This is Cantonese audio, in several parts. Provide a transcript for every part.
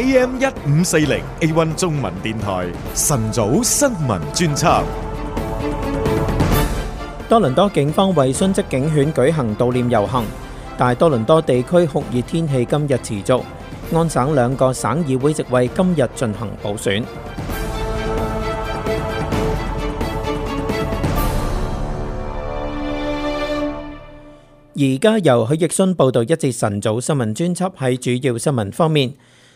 A.M. 一五四零 A1 中文電台晨早新聞專輯。多倫多警方為殉職警犬舉行悼念遊行，大多倫多地區酷熱天氣今日持續。安省兩個省議會席位今日進行補選。而家由許奕迅報道，一節晨早新聞專輯喺主要新聞方面。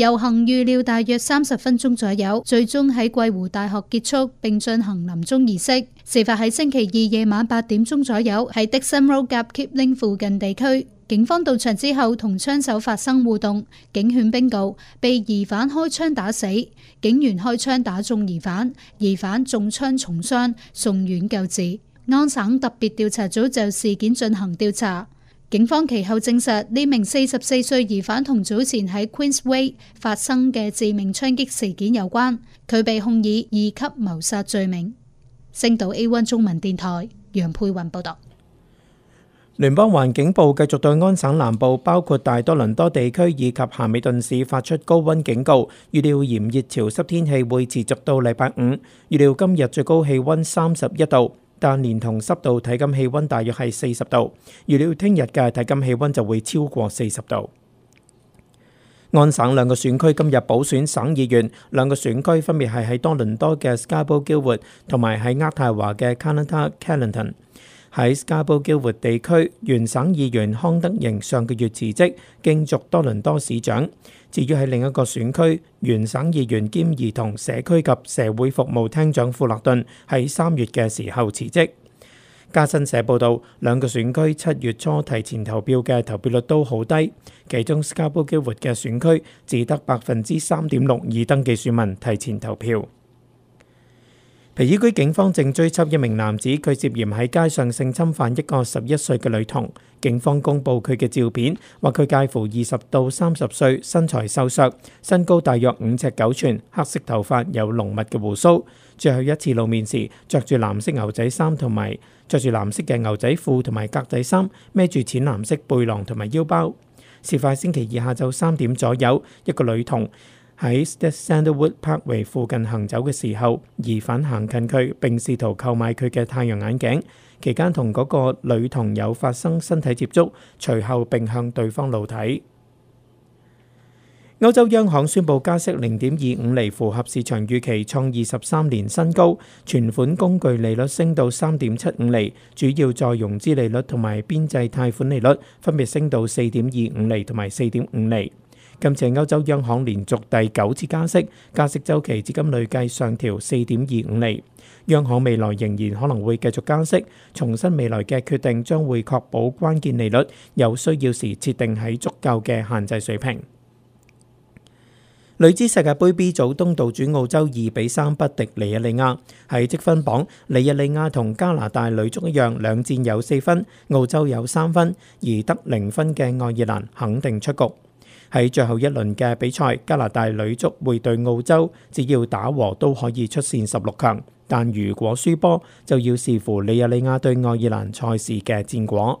遊行預料大約三十分鐘左右，最終喺桂湖大學結束，並進行臨終儀式。事發喺星期二夜晚八點鐘左右，喺 Dixon Road 夾 Kipling 附近地區，警方到場之後同槍手發生互動，警犬兵告被疑犯開槍打死，警員開槍打中疑犯，疑犯中槍重傷，送院救治。安省特別調查組就事件進行調查。警方其後證實，呢名四十四歲疑犯同早前喺 Queensway 發生嘅致命槍擊事件有關。佢被控以二級謀殺罪名。星島 A1 中文電台楊佩雲報道。聯邦環境部繼續對安省南部，包括大多倫多地區以及咸美頓市，發出高溫警告。預料炎熱潮濕天氣會持續到禮拜五。預料今日最高氣溫三十一度。但連同濕度睇，體感氣溫大約係四十度。預料聽日嘅體感氣溫就會超過四十度。安省兩個選區今日補選省議員，兩個選區分別係喺多倫多嘅 Scarborough-Guildwood 同埋喺渥太華嘅 Kanata-Carleton。喺士嘉堡基爾活地區，原省議員康德營上個月辭職，競逐多倫多市長。至於喺另一個選區，原省議員兼兒童社區及社會服務廳長富勒頓喺三月嘅時候辭職。加新社報導，兩個選區七月初提前投票嘅投票率都好低，其中士嘉堡基爾活嘅選區只得百分之三點六二登記選民提前投票。皮埃居警方正追緝一名男子，佢涉嫌喺街上性侵犯一個十一歲嘅女童。警方公布佢嘅照片，話佢介乎二十到三十歲，身材瘦削，身高大約五尺九寸，黑色頭髮有濃密嘅鬍鬚。最後一次露面時，着住藍色牛仔衫同埋着住藍色嘅牛仔褲同埋格仔衫，孭住淺藍色背囊同埋腰包。事發星期二下晝三點左右，一個女童。喺 St. Sandwood Parkway 附近行走嘅時候，疑犯行近佢並試圖購買佢嘅太陽眼鏡，期間同嗰個女同友發生身體接觸，隨後並向對方露體。歐洲央行宣布加息零點二五釐，符合市場預期，創二十三年新高。存款工具利率升到三點七五釐，主要再融資利率同埋邊際貸款利率分別升到四點二五釐同埋四點五釐。今次歐洲央行連續第九次加息，加息周期至今累計上調四點二五釐。央行未來仍然可能會繼續加息，重申未來嘅決定將會確保關鍵利率有需要時設定喺足夠嘅限制水平。女子世界杯 B 組東道主澳洲二比三不敵尼日利亞，喺積分榜尼日利亞同加拿大女足一樣兩戰有四分，澳洲有三分，而得零分嘅愛爾蘭肯定出局。喺最後一輪嘅比賽，加拿大女足會對澳洲，只要打和都可以出線十六強，但如果輸波，就要視乎尼日利亞對愛爾蘭賽事嘅戰果。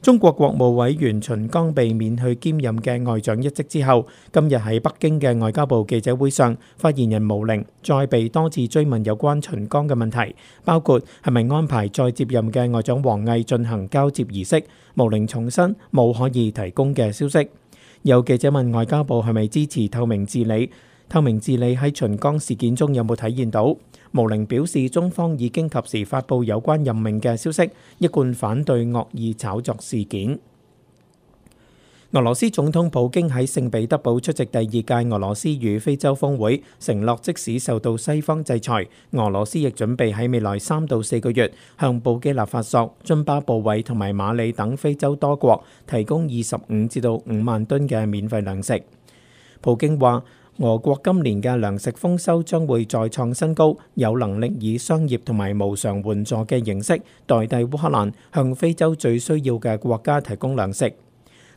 中國國務委員秦剛被免去兼任嘅外長一職之後，今日喺北京嘅外交部記者會上，發言人毛寧再被多次追問有關秦剛嘅問題，包括係咪安排再接任嘅外長王毅進行交接儀式。毛寧重申冇可以提供嘅消息。有記者問外交部係咪支持透明治理？透明治理喺秦剛事件中有冇體現到？毛寧表示，中方已經及時發布有關任命嘅消息，一貫反對惡意炒作事件。俄羅斯總統普京喺聖彼得堡出席第二屆俄羅斯與非洲峰會，承諾即使受到西方制裁，俄羅斯亦準備喺未來三到四個月向布基納法索、津巴布韋同埋馬里等非洲多國提供二十五至到五萬噸嘅免費糧食。普京話。俄國今年嘅糧食豐收將會再創新高，有能力以商業同埋無償援助嘅形式代替烏克蘭向非洲最需要嘅國家提供糧食。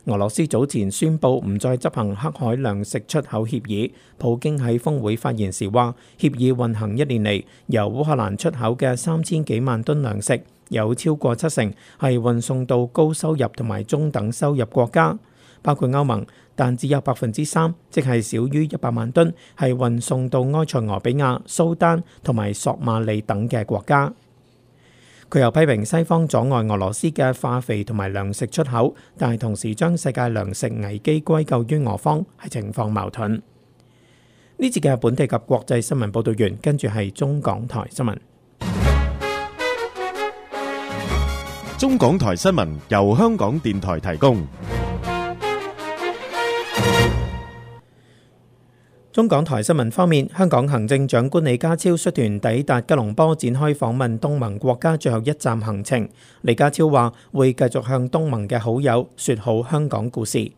俄羅斯早前宣布唔再執行黑海糧食出口協議。普京喺峰會發言時話，協議運行一年嚟，由烏克蘭出口嘅三千幾萬噸糧食，有超過七成係運送到高收入同埋中等收入國家。包括歐盟，但只有百分之三，即係少於一百萬噸，係運送到埃塞俄比亞、蘇丹同埋索馬里等嘅國家。佢又批評西方阻礙俄羅斯嘅化肥同埋糧食出口，但係同時將世界糧食危機歸咎於俄方，係情況矛盾。呢節嘅本地及國際新聞報導員，跟住係中港台新聞。中港台新聞由香港電台提供。中港台新聞方面，香港行政長官李家超率團抵達吉隆坡，展開訪問東盟國家最後一站行程。李家超話：會繼續向東盟嘅好友說好香港故事。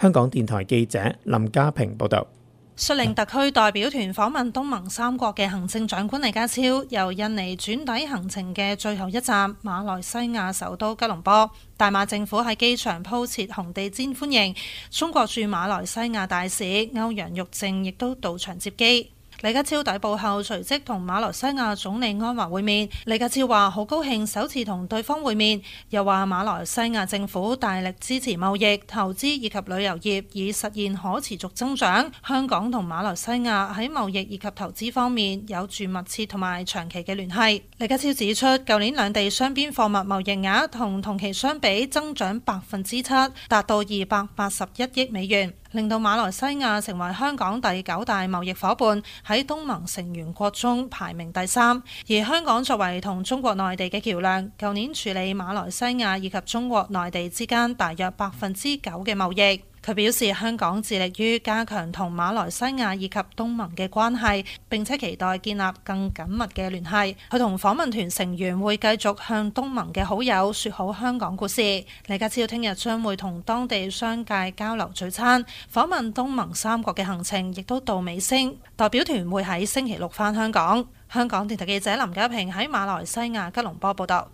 香港電台記者林家平報導。率領特區代表團訪問東盟三國嘅行政長官李家超，由印尼轉抵行程嘅最後一站馬來西亞首都吉隆坡，大馬政府喺機場鋪設紅地毯歡迎。中國駐馬來西亞大使歐陽玉靖亦都到場接機。李家超抵埗後，隨即同馬來西亞總理安華會面。李家超話：好高興首次同對方會面，又話馬來西亞政府大力支持貿易、投資以及旅遊業，以實現可持續增長。香港同馬來西亞喺貿易以及投資方面有住密切同埋長期嘅聯繫。李家超指出，舊年兩地雙邊貨物貿易額同同期相比增長百分之七，達到二百八十一億美元。令到馬來西亞成為香港第九大貿易夥伴，喺東盟成員國中排名第三。而香港作為同中國內地嘅橋梁，舊年處理馬來西亞以及中國內地之間大約百分之九嘅貿易。佢表示香港致力於加強同馬來西亞以及東盟嘅關係，並且期待建立更緊密嘅聯繫。佢同訪問團成員會繼續向東盟嘅好友說好香港故事。李家超聽日將會同當地商界交流聚餐。訪問東盟三國嘅行程亦都到尾聲，代表團會喺星期六返香港。香港電台記者林家平喺馬來西亞吉隆坡報道。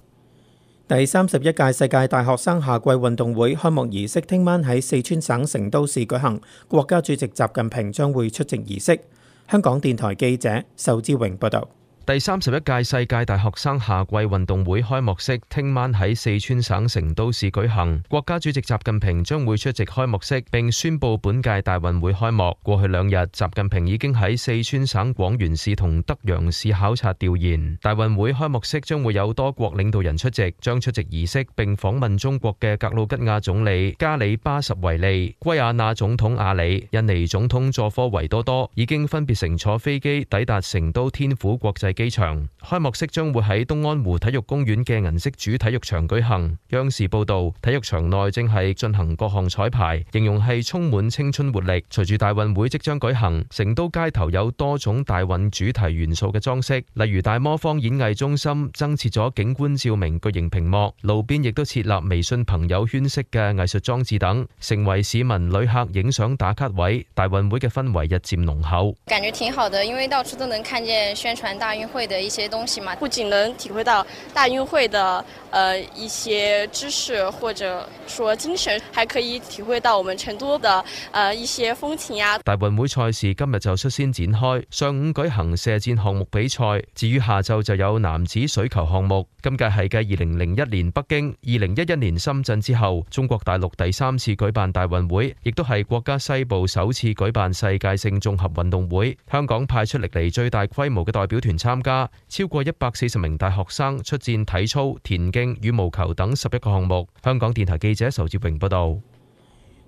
第三十一屆世界大學生夏季運動會開幕儀式聽晚喺四川省成都市舉行，國家主席習近平將會出席儀式。香港電台記者壽之榮報道。第三十一屆世界大學生夏季運動會開幕式聽晚喺四川省成都市舉行，國家主席習近平將會出席開幕式並宣布本屆大運會開幕。過去兩日，習近平已經喺四川省廣元市同德陽市考察調研。大運會開幕式將會有多國領導人出席，將出席儀式並訪問中國嘅格魯吉亞總理加里巴什維利、圭亞那總統阿里、印尼總統佐科維多多已經分別乘坐飛機抵達成都天府國際。機場開幕式將會喺東安湖體育公園嘅銀色主體育場舉行。央視報道，體育場內正係進行各項彩排，形容係充滿青春活力。隨住大運會即將舉行，成都街頭有多種大運主題元素嘅裝飾，例如大魔方演藝中心增設咗景觀照明、巨型屏幕，路邊亦都設立微信朋友圈式嘅藝術裝置等，成為市民旅客影相打卡位。大運會嘅氛圍日漸濃厚。感覺挺好的，因為到處都能看見宣傳大運。會的一些東西嘛，不僅能體會到大運會的，呃，一些知識或者說精神，還可以體會到我們成都的，呃，一些風情啊。大運會賽事今日就率先展開，上午舉行射箭項目比賽，至於下晝就有男子水球項目。今屆係繼2001年北京、2011年深圳之後，中國大陸第三次舉辦大運會，亦都係國家西部首次舉辦世界性綜合運動會。香港派出歷來最大規模嘅代表團參參加超過一百四十名大學生出戰體操、田徑、羽毛球等十一個項目。香港電台記者仇志榮報道。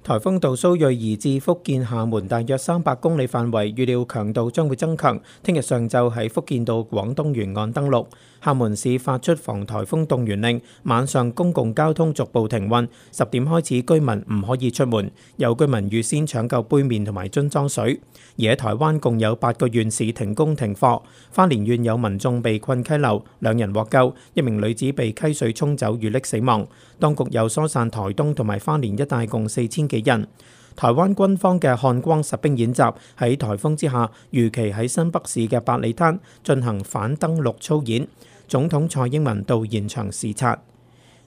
颱風杜蘇芮移至福建廈門大約三百公里範圍，預料強度將會增強。聽日上晝喺福建到廣東沿岸登陸，廈門市發出防颱風動員令，晚上公共交通逐步停運，十點開始居民唔可以出門。有居民預先搶購杯麵同埋樽裝水。而喺台灣共有八個縣市停工停課，花蓮縣有民眾被困溪流，兩人獲救，一名女子被溪水沖走遇溺死亡。當局又疏散台東同埋花蓮一帶共四千幾嘅人，台灣軍方嘅漢光實兵演習喺颱風之下，如期喺新北市嘅八里灘進行反登陸操演，總統蔡英文到現場視察。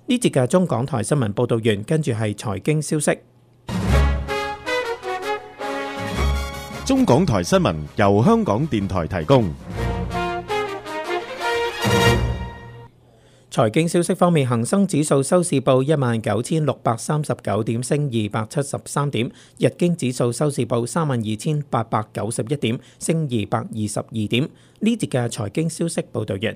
呢節嘅中港台新聞報道完，跟住係財經消息。中港台新聞由香港電台提供。財經消息方面，恒生指數收市報一萬九千六百三十九點，升二百七十三點；日經指數收市報三萬二千八百九十一點，升二百二十二點。呢節嘅財經消息報道完。